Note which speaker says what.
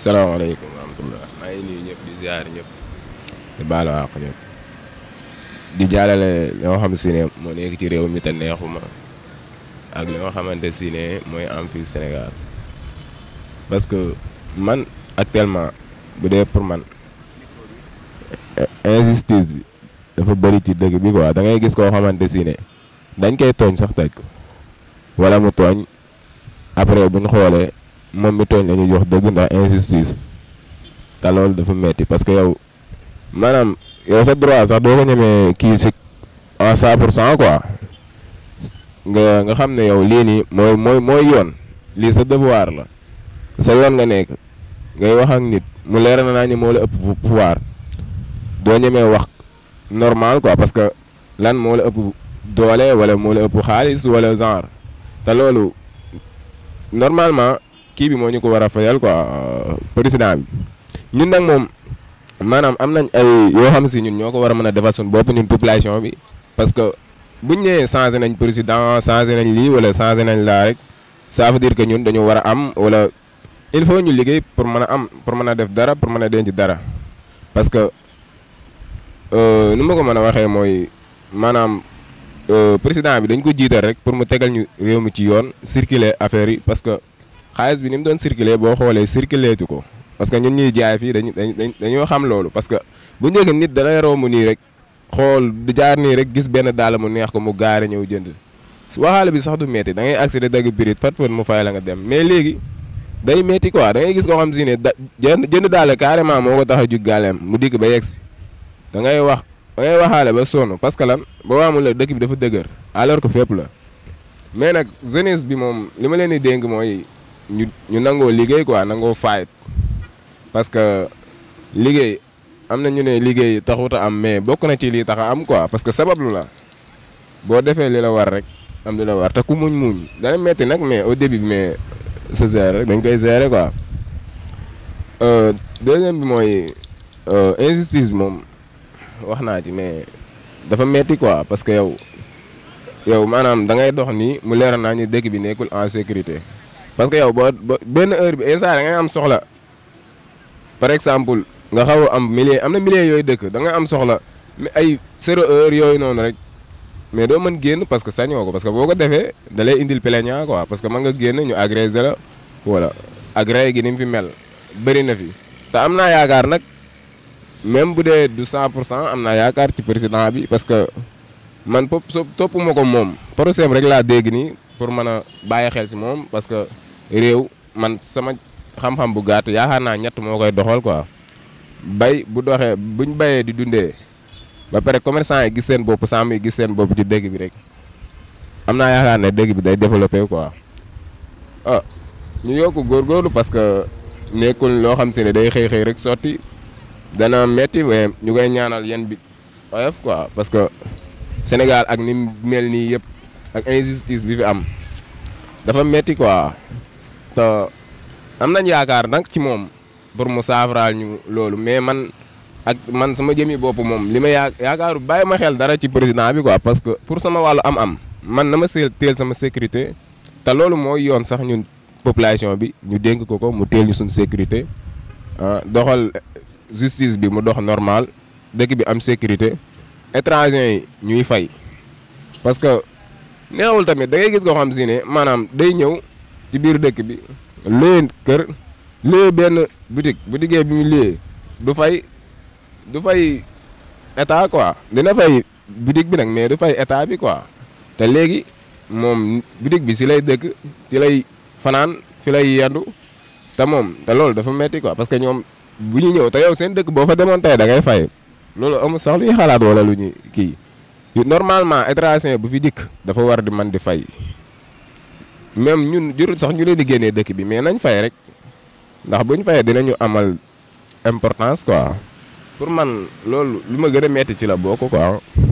Speaker 1: salaamaaleykum wa rahmatulah maa ngi nuyu ñëpp di jaar ñëpp di baalu àq ñëpp di jaalale loo xam si ne moo ci réew mi te neexuma ak loo xamante si ne mooy am fii Sénégal parce que man actuellement bu dee pour man injustice bi dafa bëri ci dëkk bi quoi da ngay gis koo xamante si ne dañ koy tooñ sax toj ko wala mu tooñ après buñ xoolee. moom mi tooñ la ñuy jox dëgg ndax injustice ta loolu dafa metti parce que yow maanaam yow sa droit sax doo ko ñemee kii si à cent pour cent quoi nga nga xam ne yow lii nii mooy mooy yoon lii sa devoir la sa yoon nga nekk ngay wax ak nit mu leer na naa ni moo la ëpp pouvoir doo ñemee wax normal quoi parce que lan moo la ëpp doole wala moo la ëpp xaalis wala genre te loolu normalement kii bi moo ñu ko war a fayal quoi président bi ñun nag moom maanaam am nañ ay yoo xam si ñun ñoo ko war a mën a defal suñu bopp ñun population bi parce que buñ nee changé nañ président changé nañ lii wala changé nañ laa rek sa veut dire que ñun dañu war a am wala il faut ñu liggéey pour mën a am pour mën a def dara pour mën a denc dara parce que euh, nu ma ko mën a waxee mooy maanaam euh, président bi dañ ko jiital rek pour mu tegal ñu réew mi ci yoon circuler affaire yi xaalis bi ni mu doon circuler boo xoolee circuler tu ko parce que ñun ñuy jaay fii dañu dañoo xam loolu parce que bu njëkk nit dana romb nii rek xool jaar nii rek gis benn daal mu neex ko mu gaare ñëw jënd waxaale bi sax du metti da ngay accéder dagg prix fat fat mu fay nga dem léegi day metti quoi da ngay gis koo xam si ne da jënd jënd daal carrément moo ko tax a jug gaaleem mu dikk ba yegg si da ngay wax da ngay waxaale ba sonn parce que lan boo amul la dëkk bi dafa dëgër alors ko fépp la mais nag jeunesse bi moom li ma leen di dénk mooy. ñu ñu nangoo liggéey quoi nangoo fight parce que liggéey am na ñu ne liggéey taxut am mais bokk na ci lii tax am quoi parce que sabablu la boo defee li la war rek am li la war te ku muñ muñ dana metti nag mais au début mais sa gérer rek dañ koy gérer quoi euh, deuxième bi mooy euh, injustice moom wax naa ci mais dafa metti quoi parce que yow yow maanaam da ngay dox nii mu leer naa ñu dëkk bi nekkul en sécurité parce que yow bo ben heure bi instant da ngay am soxla par exemple nga xaw am millier amna na yoy deuk da nga am soxla ay zéro heure yoy non rek mais do man guen parce que sañ ko parce que boko defé dalay indil plaignant quoi parce que man nga guen ñu agréger la voilà agré gi nim fi mel bari na fi ta amna yaakar nak même bu dee du 100% amna yaakar ci président bi parce que man pop topp ma ko procès rek la dégg ni pour mëna baye xel ci mom parce que réew man sama xam-xam bu gàtt yaakaar naa ñett moo koy doxal quoi bay bu doxee buñ bayee di dundee ba pare commerçant yi gis seen bopp sàmm yi gis seen bopp ci dëkk bi rek am naa yaakaar ne bi day développé quoi ah ñu yokk góorgóorlu parce que nekkul loo xam si ne day xëy xëy rek sotti dana metti mais ñu koy ñaanal yéen bi oyof quoi parce que Sénégal ak ni mel nii yëpp ak injustice bi fi am dafa metti quoi. te am nañ yaakaar nag ci moom pour mu saafaraal ñu loolu mais man ak man sama jëmi boobu moom li ma yaa yaakaaru bàyyi ma xel dara ci président bi quoi parce que pour sama wàllu am-am man na ma seel teel sama sécurité te loolu mooy yoon sax ñun population bi ñu dénk ko ko mu teel ñu suñu sécurité ah, doxal justice bi mu dox normal dëkk bi am sécurité étrangers yi ñuy fay parce que neexul tamit da ngay gis ko xam si ne maanaam day ñëw. ci biir dëkk bi loué kër benn boutique boutique bi ñu loué du fay du fay état quoi dina fay boutique bi nag mais du fay état bi quoi te léegi moom boutique bi si lay dëkk ci lay fanaan fi lay yendu te moom te loolu dafa metti quoi parce que ñoom bu ñu ñëw te yow seen dëkk boo fa demoon tey da ngay fay loolu amul sax lu ñuy xalaat wala lu ñu kii normalement étranger bu fi dikk dafa war di man di fay. même ñun jurul sax ñu leen di génnee dëkk bi mais nañ fay rek ndax buñ fayee dinañu amal importance quoi pour man loolu lu ma gën a metti ci la bokk quoi.